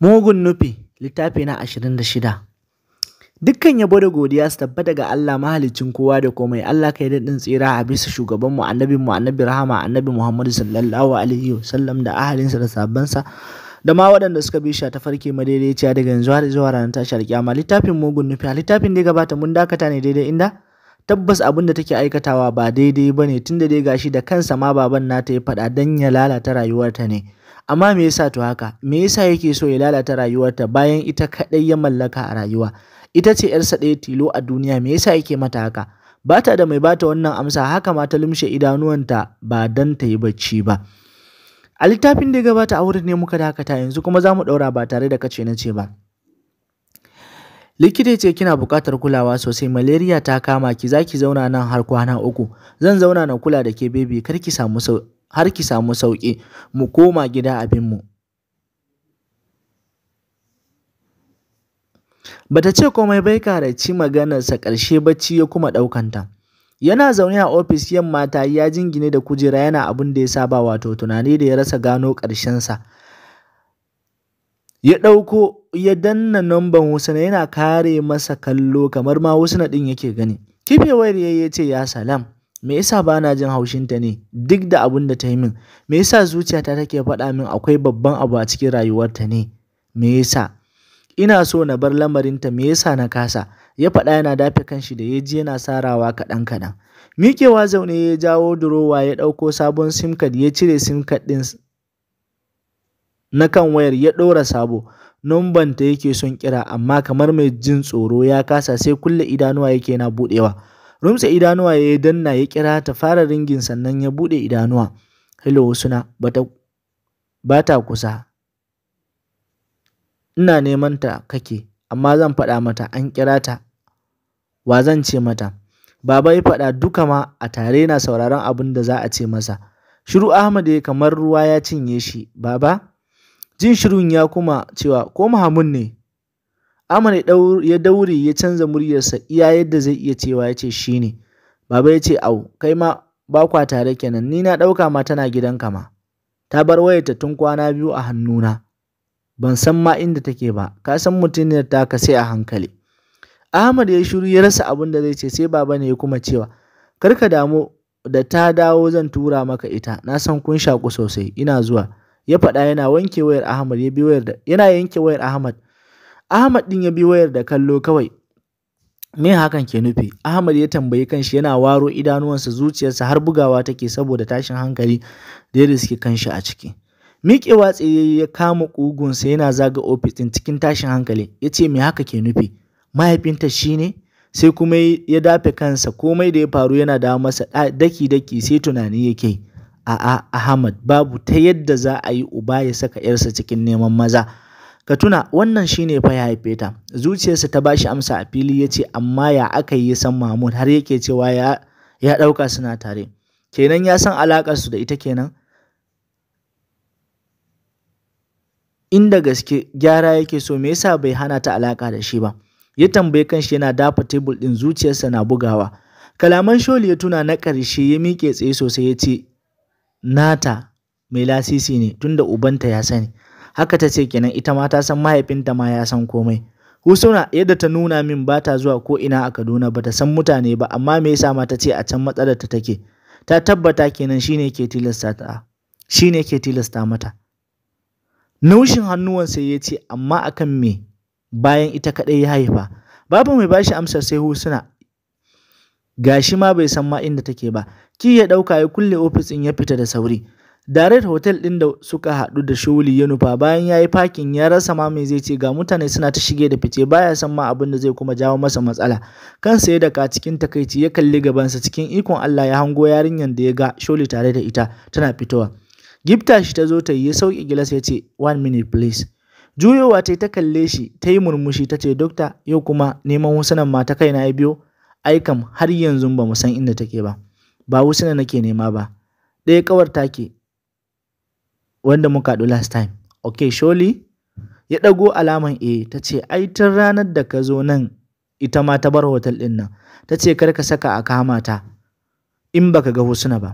Mugun nufi littafi na 26 Dukkan yabo da godiya su tabba daga Allah mahalicin kowa da komai Allah kai daɗin tsira a bisa shugabanmu annabi mu annabi rahama annabi Muhammadu sallallahu alaihi wasallam da ahalinsa da sabbansa da ma waɗanda suka bi shi ta farke madaidaiciya daga yanzu har zuwa ranar tashar ma littafin mugun nufi a littafin da gabata mun dakata ne daidai inda tabbas abin da take aikatawa ba daidai ba bane tunda dai gashi da kansa ma baban nata ya faɗa dan ya lalata rayuwarta ne Amma me yasa to haka? Me yasa yake so ya lalata rayuwarta bayan ita kadai ya mallaka a rayuwa? Ita ce ‘yarsa ɗaya tilo a duniya, me yasa yake mata haka? Ba ta da mai bata wannan amsa haka ma ta lumshe idanuwanta ba dan ta yi bacci ba. A littafin da ya gabata a wurin ne muka dakata yanzu kuma za mu ɗaura ba tare da kace na ce ba. likita ce kina buƙatar kulawa sosai malaria ta kama ki zaki zauna nan har kwana uku zan zauna na kula da ke baby kar ki samu har ki samu sauƙi mu koma gida abinmu. Bata ce komai bai kara karaci maganarsa ƙarshe bacci ya kuma ɗaukanta. Yana zaune a ofis yamma ta ya jingine da kujera yana abin da ya saba wato tunani da ya rasa gano ƙarshensa. Ya ɗauko ya danna namban Husna yana kare masa kallo kamar ma Husna ɗin yake gani. Kife wayar ya ce ya salam. Me yasa ba na jin haushinta ne duk da abun da ta yi min? Me yasa zuciyata take faɗa min akwai babban abu a cikin rayuwarta ne? Me yasa? Ina so na bar lamarinta me yasa na kasa? Ya faɗa yana dafe kanshi da ya ji yana sarawa kaɗan kaɗan. Miƙewa zaune ya jawo durowa ya ɗauko sabon sim card ya cire sim card ɗin na kan wayar ya ɗora sabo. Numban ta yake son kira amma kamar mai jin tsoro ya kasa sai kulle idanuwa yake yana buɗewa. Rumtse idanuwa ya yi danna ya kira ta fara ringin sannan ya bude idanuwa. Hello suna bata ta kusa. Ina neman ta kake amma zan faɗa mata an kira ta. Wa zan ce mata? Baba ya faɗa duka ma a tare na sauraron abin da za a ce masa. Shiru Ahmad ya kamar ruwa ya cinye shi. Baba? Jin shirun ya kuma cewa ko Muhammad ne Amar ya daure ya canza muryarsa iya yadda zai iya cewa ya ce shi ne. Baba ya ce au, kai ma ba kwa tare kenan, ni na ɗauka ma tana gidanka ma. Ta bar wayarta tun kwana biyu a hannuna. Ban san ma inda take ba, ka san mutuniyar taka sai a hankali. Ahmad ya shiru ya rasa abin da zai ce sai baba ne ya kuma cewa, Kar ka damu da ta dawo zan tura maka ita, na san kun shaku sosai, ina zuwa. Ya faɗa yana wanke wayar Ahmad ya bi wayar da, yana yanke wayar Ahmad Ahmad ɗin ya bi wayar da kallo kawai. Me hakan ke nufi? Ahmad ya tambayi kanshi yana waro idanuwansa zuciyarsa har bugawa take saboda tashin hankali da ya riske kanshi a ciki. Miƙewa tsaye ya kama ƙugunsa yana zaga ofis ɗin cikin tashin hankali. Ya ce me haka ke nufi? Mahaifinta shi ne? Sai kuma ya dafe kansa komai da ya faru yana da masa daki-daki sai tunani yake A'a Ahmad babu ta yadda za a yi uba ya saka ‘yarsa cikin neman maza. Ka tuna wannan shi ne fa ya haife ta. Zuciyarsa ta bashi amsa a fili ya ce amma ya aka yi san Mahmud har yake cewa ya ya ɗauka suna tare. Kenan ya san alaƙarsu da ita kenan? Inda gaske gyara yake so me yasa bai hana ta alaƙa da shi ba. Ya tambaye kanshi yana dafa tebul ɗin zuciyarsa na bugawa. Kalaman Sholi ya tuna na ƙarshe ya miƙe tsaye sosai ya ce nata mai lasisi ne tunda ubanta ya sani. haka ta ce kenan ita ma ta san mahaifinta ma ya san komai husuna yadda ta nuna min ba ta zuwa ko ina a kaduna ba ta san mutane ba amma me yasa ma ta ce a can matsalar ta take ta tabbata kenan shine ke tilasta ta shine ke tilasta mata naushin hannuwansa ya ce amma akan me bayan ita kaɗai ya haifa babu mai bashi amsar sai husuna gashi ma bai san ma inda take ba ki ya ɗauka ya kulle ofis ɗin ya fita da sauri Direct hotel ɗin da suka haɗu da Sholi ya nufa bayan ya yi fakin ya rasa ma mai zai ce ga mutane suna ta shige da fice baya san ma abin da zai kuma jawo masa matsala. Kansa ya daka cikin takaici ya kalli gabansa cikin ikon Allah ya hango yarinyar da ya ga Sholi tare da ita tana fitowa. Gifta shi ta zo ta yi ya sauke gilas ya ce one minute please. Juyowa ta ta kalle shi ta yi murmushi ta ce dokta yau kuma neman ma mata kaina ya biyo ai kam har yanzu ba mu san inda take ba. Ba wusuna nake nema ba. Ɗaya kawar take wanda muka haɗu last time Ok, surely ya ɗago alaman A. ta ce ai tun ranar da ka zo nan ita ma ta bar hotel ɗin nan ta ce kar ka saka a kama ta in baka ga husuna ba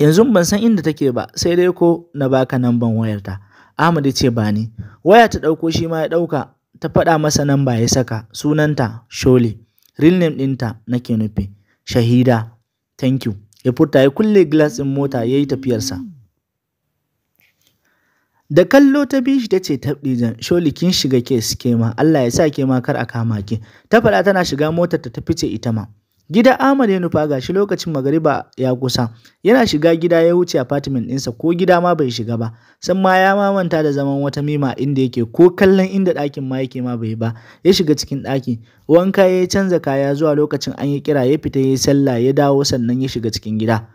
yanzu ban san inda take ba sai dai ko na baka namban wayarta Ahmad ya ce ba ni waya ta ɗauko shi ma ya ɗauka ta faɗa masa nan ba ya saka sunanta sholi. real name ɗinta nake nufi shahida thank you ya furta ya kulle glass ɗin mota ya yi tafiyarsa Da kallo ta bi shi ta ce jan sholi kin shiga kes ma. Allah ya sa ma kar a kama ki. Ta faɗa tana shiga motar ta fice ita ma. Gida Ahmad ya nufa gashi lokacin magariba ya kusa. Yana shiga gida ya wuce apartment ɗinsa ko gida ma bai shiga ba. San ma ya mamanta da zaman wata mima inda yake ko kallon inda ɗakin ma yake ma bai ba. Ya shiga cikin ɗaki. Wanka ya canza kaya zuwa lokacin an yi kira ya fita ya yi sallah ya dawo sannan ya shiga cikin gida.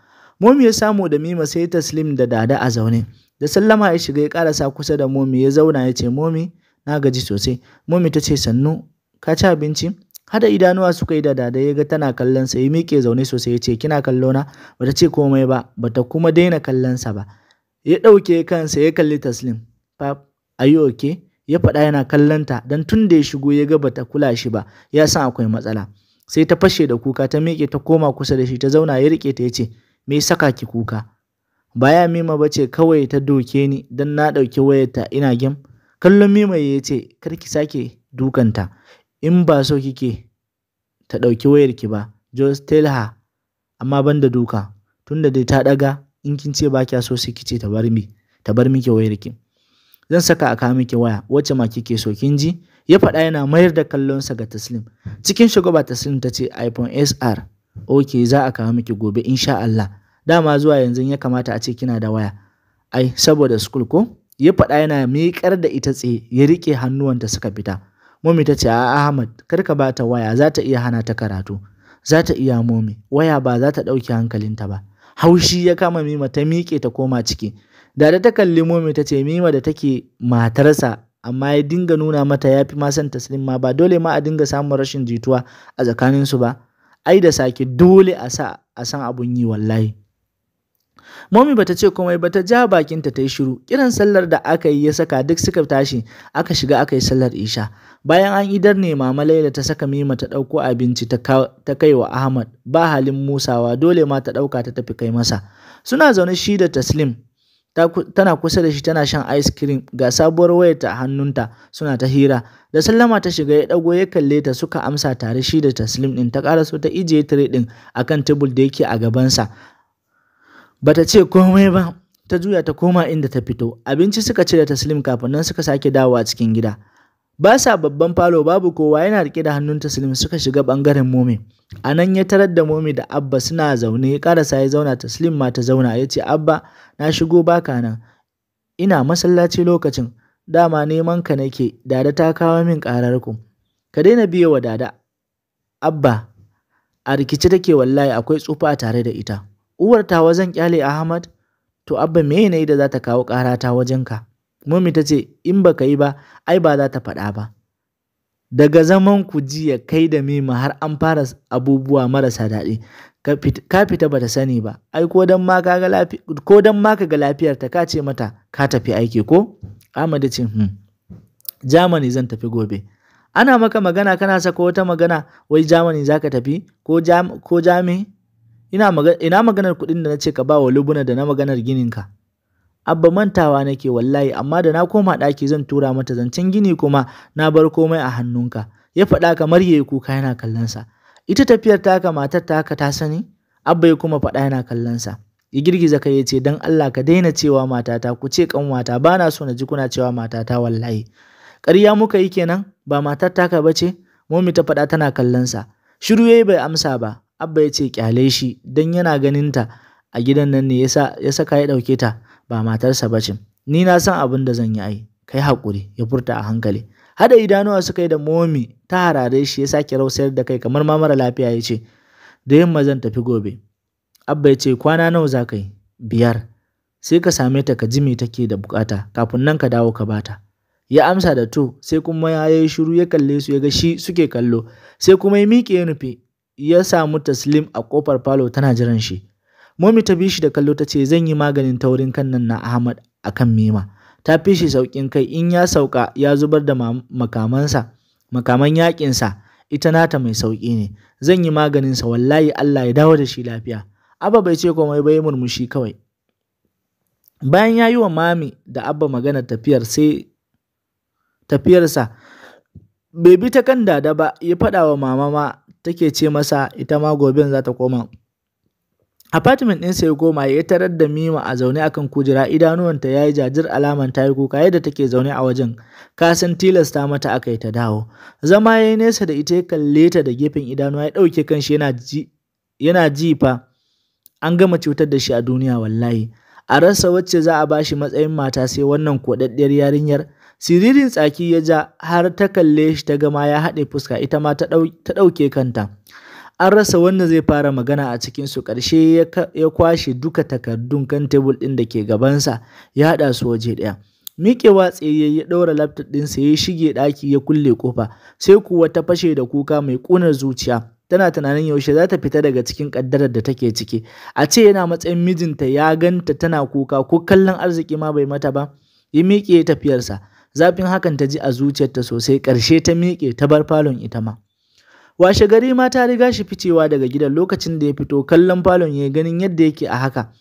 Momi ya samu da mima sai ta taslim da dada a zaune. da sallama ya shiga ya karasa kusa da momi ya zauna ya ce momi na gaji sosai momi ta ce sannu ka ci abinci hada idanuwa suka yi da dada ya ga tana kallon sa ya miƙe zaune sosai ya ce kina kallo na bata ce komai ba bata kuma daina kallon sa ba ya ɗauke kansa ya kalli taslim fa ayo oke ya faɗa yana kallon ta don tun da ya shigo ya ga bata kula shi ba ya san akwai matsala sai ta fashe da kuka ta miƙe ta koma kusa da shi ta zauna ya riƙe ta ya ce me saka ki kuka Ba ya Mima ba ce kawai ta doke ni don na ɗauki wayarta ina gim Kallon Mima ya ce, kar ki sake dukanta, in ba so kike ta ɗauki wayarki ba, jos telha amma ban da duka, tunda dai ta ɗaga in kin ce ba kya so sai kice ta bar mi, ta bar miki wayarki. Zan saka a kawo miki waya, wacce ma kike so kin ji? Ya faɗa yana mayar da kallonsa ga Taslim. Cikin shugaba Taslim ta ce iPhone SR, ok za a kawo miki gobe insha Allah. dama zuwa yanzu ya kamata a ce kina da waya ai saboda school ko ya faɗa yana miƙar da ita tsaye ya riƙe hannuwanta suka fita momi ta ce a ahmad kar ka ba ta waya za ta iya hana ta karatu za ta iya momi waya ba za ta ɗauke hankalinta ba haushi ya kama mima ta miƙe ta koma ciki da da ta kalli momi ta ce mima da take matarsa amma ya dinga nuna mata ya fi ma san taslim ma ba dole ma a dinga samun rashin jituwa a tsakaninsu ba ai da sake dole a sa a san abun yi wallahi Momi bata ce komai ba ta ja bakinta ta yi shiru. Kiran sallar da aka yi ya saka duk suka tashi aka shiga aka yi sallar isha. Bayan an idar ne mama Laila ta saka Mima ta ɗauko abinci ta kai wa Ahmad ba halin musawa dole ma ta ɗauka ta tafi kai masa. Suna zaune shi da Taslim tana kusa da shi tana shan ice cream ga sabuwar wayar ta hannunta suna ta hira da sallama ta shiga ya dago ya kalle ta suka amsa tare shi da taslim din ta karaso ta ijiye tire a akan tebul da yake a gabansa Ba ta ce komai ba ta juya ta koma inda ta fito abinci suka ci da taslim kafin nan suka sake dawowa cikin gida ba sa babban falo babu kowa yana rike da hannun taslim suka shiga bangaren momi a nan ya tarar da momi da abba suna zaune ya karasa ya zauna taslim ma ta zauna ya ce abba na shigo baka nan ina masallaci lokacin dama neman ka nake dada ta kawo min karar ku ka daina biye wa dada abba a rikici take wallahi akwai tsufa tare da ita uwar tawa zan kyale Ahmad to abba me ne da za ta kawo wajen wajenka mummy ta ce in baka yi ba ai ba za ta faɗa ba daga zaman ku jiya kai da mima har an fara abubuwa marasa daɗi ka fita bata sani ba ai ko dan ma ka ga lafiyar ta ka ce mata ka tafi aiki ko Ahmad ce hmm Germany zan tafi gobe ana maka magana kana saka wata magana wai Germany zaka tafi ko jam ko jami ina maganar kuɗin da na ce ka ba wa lubuna da na maganar gininka abba mantawa nake wallahi amma da na koma ɗaki zan tura mata zancen gini kuma na bar komai a hannunka ya faɗa kamar yayi kuka yana kallonsa ita tafiyar taka matar taka ta sani abba ya kuma faɗa yana kallonsa ya girgiza kai ya ce don Allah ka daina cewa matata ku ce kanwata ba na so na ji kuna cewa matata wallahi ƙarya muka yi kenan ba matar taka ba ce momi ta faɗa tana kallonsa shiru yayi bai amsa ba Abba ya ce kyale shi don yana ganin ta a gidan nan ne ya saka ya ɗauke ta ba matarsa ba ce. Ni na san abin da zan yi ai, kai Hakuri ya furta a hankali. Hada idanuwa suka yi da momi ta harare shi ya sake rausayar da kai kamar ma mara lafiya ya ce, da yamma zan tafi gobe. Abba ya ce kwana nawa za ka yi? Biyar. Sai ka same ta ka ji me take da bukata kafin nan ka dawo ka bata. Ya amsa da to sai kuma ya yi shiru ya kalle su ya ga shi suke kallo sai kuma ya miƙe ya nufi ya samu Taslim a kofar falo tana jiran shi. Momi ta bi shi da kallo ta ce zan yi maganin taurin kan nan na Ahmad a kan Mima. Ta fi shi sauƙin kai in ya sauka ya zubar da makamansa, makaman yaƙinsa ita nata mai sauƙi ne. Zan yi maganinsa wallahi Allah ya dawo da shi lafiya. Abba bai ce komai ba ya murmushi kawai. Bayan ya yi wa Mami da Abba magana tafiyar sai tafiyarsa bai bi ta kan dada ba ya faɗa wa mama ma take ce masa ita ma gobin za ta koma apartment ɗin sai goma ya tarar da mima a zaune akan kujera idanuwanta ya yi jajir alaman ta yi kuka yadda take zaune a wajen kasan tilasta mata aka yi ta dawo zama ya yi nesa da ita ya kalle ta da gefen idanuwa ya ɗauke kanshi yana yana ji fa an gama cutar da shi a duniya wallahi a rasa wacce za a bashi matsayin mata sai wannan kodaddiyar yarinyar Siririn tsaki ya ja har ta kalle shi ta gama ya haɗe fuska ita ma ta ɗauke kanta. An rasa wanda zai fara magana a cikin su ƙarshe ya kwashe duka takardun kan tebul ɗin da ke gabansa ya haɗa su waje ɗaya. Miƙewa tsaye ya ɗaura laptop ɗinsa ya shige ɗaki ya kulle ƙofa sai kuwa ta fashe da kuka mai ƙunar zuciya. Tana tunanin yaushe za ta fita daga cikin ƙaddarar da take ciki. A ce yana matsayin mijinta ya ganta tana kuka ko kallon arziki ma bai mata ba. Ya miƙe tafiyarsa. zafin hakan ta ji a zuciyarta sosai ƙarshe ta miƙe ta bar falon ita ma washe gari ma ta riga shi ficewa daga gidan lokacin da ya fito kallon falon ya ganin yadda yake a haka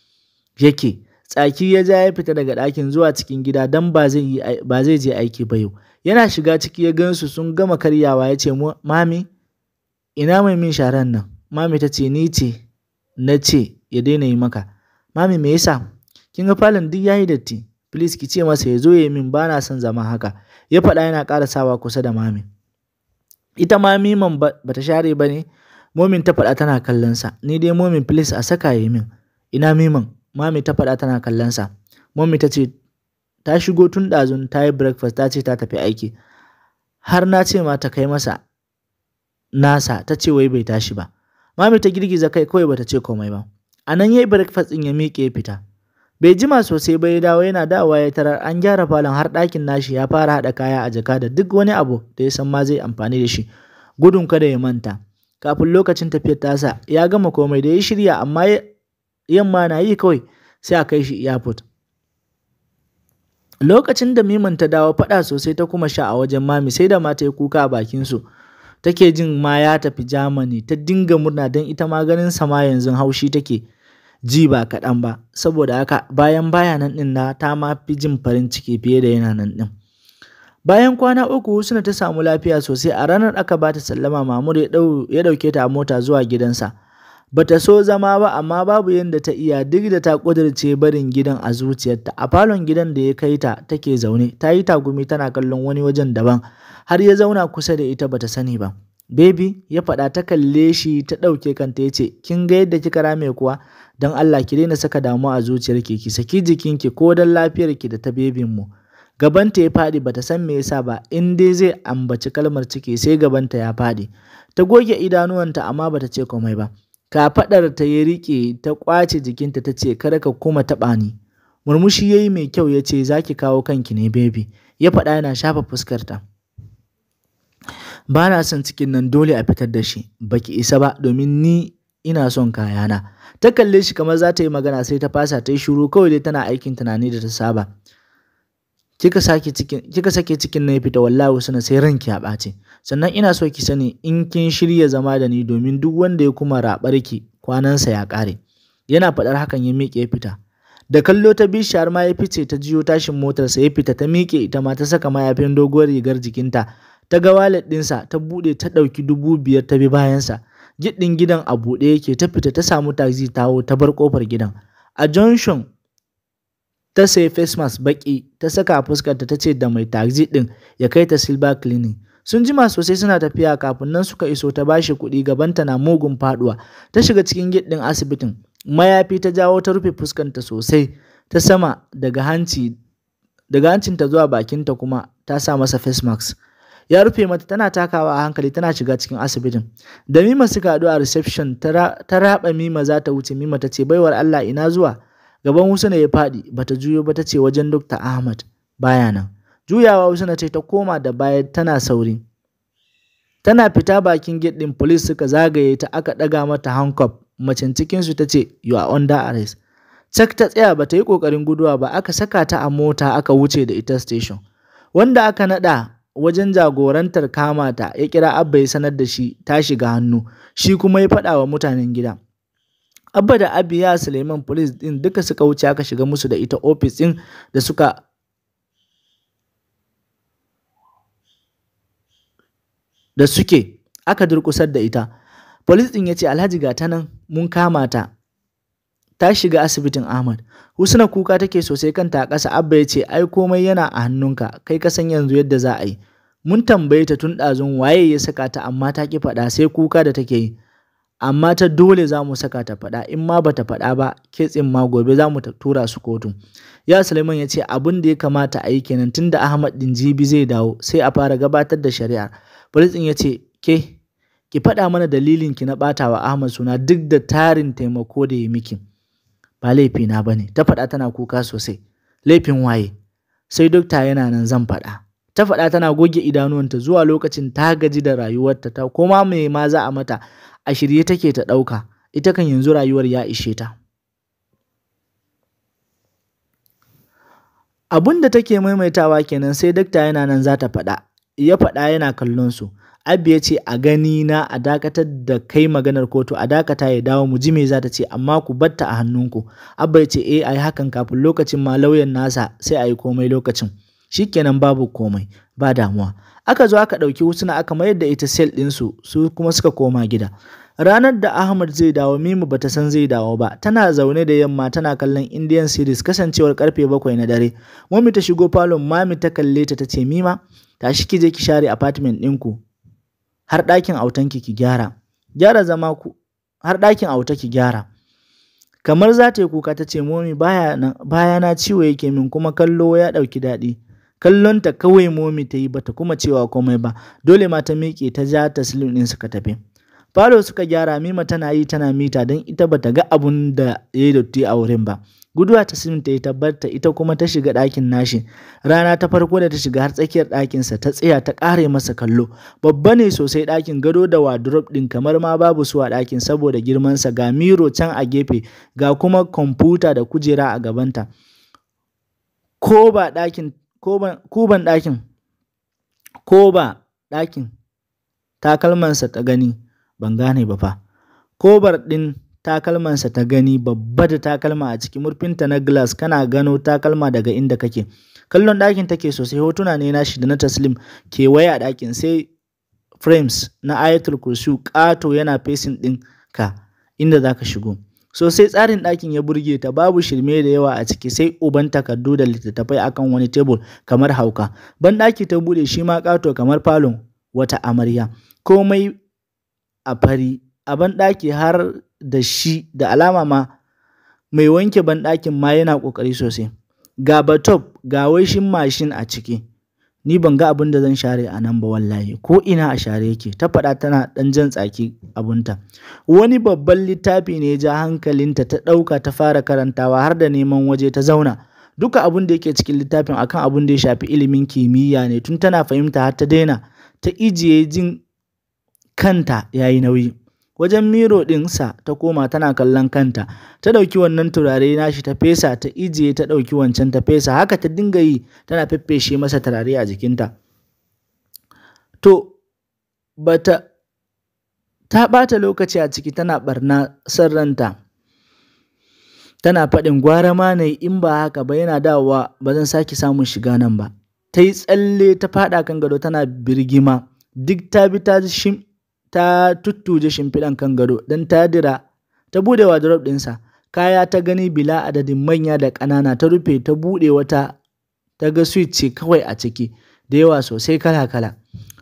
yake tsaki ya ja ya fita daga ɗakin zuwa cikin gida don ba zai je aiki ba yau yana shiga ciki ya gansu sun gama karyawa ya ce mami ina mai min sharan nan mami ta ce ni ce na ce ya daina yi maka mami me yasa kin ga falon duk yayi datti Please ki ce masa ya zo ya min ba na son zama haka. Ya faɗa yana sawa kusa da mami. Ita ma miman ba ta share ba ne, momin ta faɗa tana kallonsa. Ni dai momin please a saka ya min. Ina miman, mami ta faɗa tana kallonsa. Momi ta ce ta shigo tun ɗazun ta yi breakfast ta ce ta tafi aiki. Har na ce ma ta kai masa nasa ta ce wai bai tashi ba. Mami ta girgiza kai kawai bata ce komai ba. A nan ya yi breakfast ɗin ya miƙe ya fita. Bai jima sosai ba ya dawo yana dawowa ya tarar an gyara falon har ɗakin nashi ya fara haɗa kaya a jaka da duk wani abu da ya san ma zai amfani da shi. Gudun kada ya manta. Kafin lokacin tafiyar tasa ya gama komai da ya shirya amma yamma na yi kawai sai a kai shi airport. Lokacin da miman ta dawo faɗa sosai ta kuma sha a wajen mami sai da mata ya kuka a bakin su Take jin ma ya tafi jamani ta dinga murna don ita ma ganin sama yanzu haushi take. ji ba kaɗan ba saboda haka bayan baya nan ɗin na ta ma fi jin farin ciki fiye da yana nan ɗin bayan kwana uku suna ta samu lafiya sosai a ranar aka ba ta sallama Mamur ya ɗauke ta mota zuwa gidansa bata so zama ba amma babu yadda ta iya duk da ta ƙudurce barin gidan a zuciyarta a falon gidan da ya kai ta take zaune ta yi tagumi tana kallon wani wajen daban har ya zauna kusa da ita bata sani ba baby ya faɗa ta kalle shi ta ɗauke kanta ya ce kin ga yadda kika rame kuwa don Allah ki daina saka damu a zuciyarki ki saki jikinki ko don lafiyarki da ta bebin mu gabanta ya faɗi bata san me yasa ba in dai zai ambaci kalmar ciki sai gabanta ya faɗi ta goge idanuwanta amma bata ce komai ba kafaɗar ta ya rike ta kwace jikinta ta ce kar ka kuma taɓa ni murmushi ya yi mai kyau ya ce za ki kawo kanki ne bebi ya faɗa yana shafa fuskarta ba na son cikin nan dole a fitar da shi baki isa ba domin ni ina son kayana ta kalle shi kamar za ta yi magana sai ta fasa ta yi shiru kawai dai tana aikin tunani da ta saba kika sake cikin kika sake cikin na fita wallahi sana sai ranki ya bace sannan ina so ki sani in kin shirya zama da ni domin duk wanda ya kuma raɓar ki kwanansa ya kare yana faɗar hakan ya miƙe ya fita da kallo ta bishiyar ma ya fice ta jiyo tashin motarsa ya fita ta miƙe ita ma ta saka mayafin doguwar rigar jikinta ta ga walet ɗinsa ta buɗe ta ɗauki dubu biyar ta bi bayansa gidin gidan a buɗe yake ta fita ta samu taxi ta hau ta bar kofar gidan a junction ta sayi face mask baki ta saka a fuskarta ta ce da mai taxi ɗin ya kai ta silver cleaning. sun jima sosai suna tafiya kafin nan suka iso ta bashi kuɗi gaban ta na mugun faduwa ta shiga cikin gidin asibitin mayafi ta jawo ta rufe fuskanta sosai ta sama daga hanci daga hancinta zuwa bakinta kuma ta sa masa face mask ya rufe mata tana takawa a hankali tana shiga cikin asibitin da mima suka haɗu a reception ta raba mima za ta wuce mima ta ce baiwar allah ina zuwa gaban husna ya faɗi bata juyo ba ta ce wajen dokta ahmad baya nan juyawa husna ce ta koma da baya tana sauri tana fita bakin gate din police suka zagaye ta aka ɗaga mata handcuff macen cikinsu ta ce you are under arrest Cak ta tsaya ba ta yi ƙoƙarin guduwa ba aka saka ta a mota aka wuce da ita station. Wanda aka naɗa wajen jagorantar kamata ya kira Abba ya sanar da shi ta shiga hannu, shi kuma ya faɗa wa mutanen gida. Abba da Abiya Suleiman Police ɗin duka suka wuce aka shiga musu da ita ofis ɗin da suka da suke aka durkusar da ita. Police ɗin ya ce Alhaji ga ta nan mun kama ta ta shiga asibitin Ahmad. Husna kuka take sosai kanta a ƙasa Abba ya ce ai komai yana a hannunka kai ka san yanzu yadda za a yi. Mun tambaye ta tun ɗazun waye ya saka ta amma ta ki faɗa sai kuka da take yi. Amma ta dole za mu saka ta faɗa in ma bata faɗa ba ketsin ma gobe za mu tura su kotu. Ya Suleiman ya ce abin da ya kamata a yi kenan tun da Ahmad ɗin jibi zai dawo sai a fara gabatar da shari'ar. Falitsin ya ce ke ki faɗa mana dalilin ki na ɓatawa Ahmad suna duk da tarin taimako da ya miki. ba laifina ba ne ta faɗa tana kuka sosai laifin waye sai dokta yana nan zan faɗa ta faɗa tana goge idanuwanta zuwa lokacin ta gaji da rayuwarta ta koma mai ma za a mata a shirye take ta ɗauka ita kan yanzu rayuwar ya ishe ta abun da take maimaitawa kenan sai dakta yana nan za ta faɗa ya faɗa yana kallon su Abba ya ce a gani na a dakatar da kai maganar kotu a dakata ya dawo mu ji me za ta ce amma ku batta a hannunku. Abba ya ce eh ayi hakan kafin lokacin ma lauyan nasa sai a komai lokacin. Shikenan babu komai ba damuwa. Aka zo aka ɗauki hutuna aka mayar da ita sel ɗinsu su kuma suka koma gida. Ranar da Ahmad zai dawo Mimu bata san zai dawo ba, tana zaune da yamma tana kallon Indian series kasancewar karfe bakwai na dare. Mami ta shigo falon mami ta kalle ta ta ce, Mima, tashi ki je ki share apartment ɗinku, har ɗakin autanki ki gyara gyara zama ku har ɗakin auta ki gyara kamar za ta yi kuka ta ce momi baya na ciwo yake min kuma kallo ya ɗauki daɗi kallonta kawai momi ta yi bata kuma cewa komai ba dole ma ta miƙe ta ja ta silin ɗin suka tafi falo suka gyara mima tana yi tana mita don ita bata ga abun da ya yi dotti a wurin ba guduwa ta taslim ta yi tabbata ita kuma ta shiga ɗakin nashi rana ta farko da ta shiga har tsakiyar ɗakinsa ta tsaya ta ƙare masa kallo babba ne sosai ɗakin gado da wardrobe ɗin kamar ma babu su a ɗakin saboda girmansa ga miro can a gefe ga kuma kwamfuta da kujera a gabanta ko ba ɗakin kuban ɗakin takalmansa ta gani ban gane ba fa kobar ɗin takalmansa ta gani babba da takalma a ciki murfinta na glass kana gano takalma daga inda kake kallon ɗakin take sosai hotuna ne nashi da na taslim kewaye a ɗakin sai frames na ayatul kursu ƙato yana facing ka inda za ka shigo Sosai tsarin ɗakin ya burge ta babu shirme da yawa a ciki sai uban takardu da littattafai akan wani tebur kamar hauka ban ɗaki ta buɗe shi ma ƙato kamar falon wata amarya komai a fari a ban ɗaki har da shi da alama ma mai wanke banɗakin ma yana ƙoƙari sosai ga batop ga waishin mashin a ciki ni ban ga abin da zan share a nan ba wallahi ko ina a share yake ta faɗa tana ɗan jan tsaki abunta wani babban littafi ne ja hankalinta ta ɗauka ta fara karantawa har da neman waje ta zauna duka abin da yake cikin littafin akan abin da ya shafi ilimin kimiyya ne tun tana fahimta har ta daina ta ijiye jin kanta yayi nauyi wajen miro ɗinsa ta koma tana kallon kanta ta ɗauki wannan turare nashi ta fesa ta ijiye ta ɗauki wancan ta fesa haka ta dinga yi tana feffeshe masa turare a jikinta to bata ta ɓata lokaci a ciki tana ɓarna sarranta tana faɗin gwara ma ne in ba haka ba yana dawowa ba zan sake samun shiga nan ba ta yi tsalle ta faɗa kan gado tana birgima duk ta bi ta shim ta tuttuje shimfiɗan kan gado don ta dira ta buɗe drop ɗinsa kaya ta gani bila adadin manya da ƙanana ta rufe ta buɗe wata ta ga switch ce kawai a ciki da yawa sosai kala-kala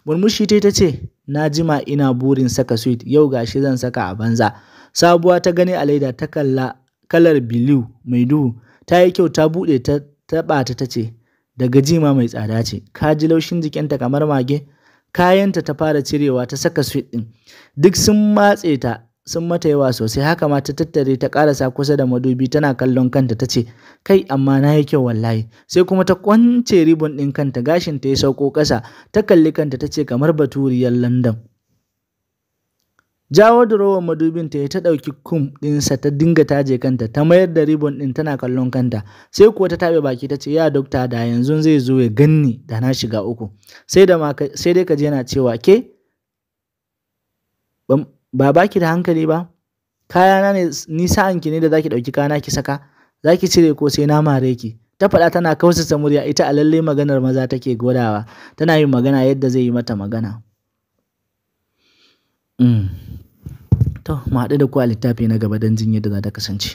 murmushi ta ta ce na jima ina burin saka switch yau gashi zan saka a banza sabuwa ta gani a laida ta kalla kalar blue mai duhu ta yi kyau ta buɗe ta taɓa ta ta ce daga jima mai tsada ce ka ji laushin jikinta kamar mage kayanta ta fara cirewa ta saka sweet ɗin duk sun matse ta sun mata yawa sosai haka ma ta tattare ta karasa kusa da madubi tana kallon kanta ta ce kai amma na yi kyau wallahi sai kuma ta kwance ribon ɗin kanta gashin ta ya sauko ƙasa ta kalli kanta ta ce kamar baturiyar london Jawo durowar madubin ta yi ta ɗauki kum ɗinsa ta dinga taje kanta, ta mayar da ribon ɗin tana kallon kanta, sai kuwa ta taɓe baki ta ce, “Ya Dokta da yanzu zai zo ya ganni da na shiga uku, sai dai ka yana cewa, ke ba baki da hankali ba, kayana ne ni sa'anki ne da zaki ɗauki kana ki saka, zaki cire ko sai na mare ki.” ta faɗa tana kausa murya ita a lallai maganar maza take gwadawa tana yin magana yadda zai yi mata magana. Mm. To, mu haɗu da ku a littafi na gaba don jin yadda za ta kasance.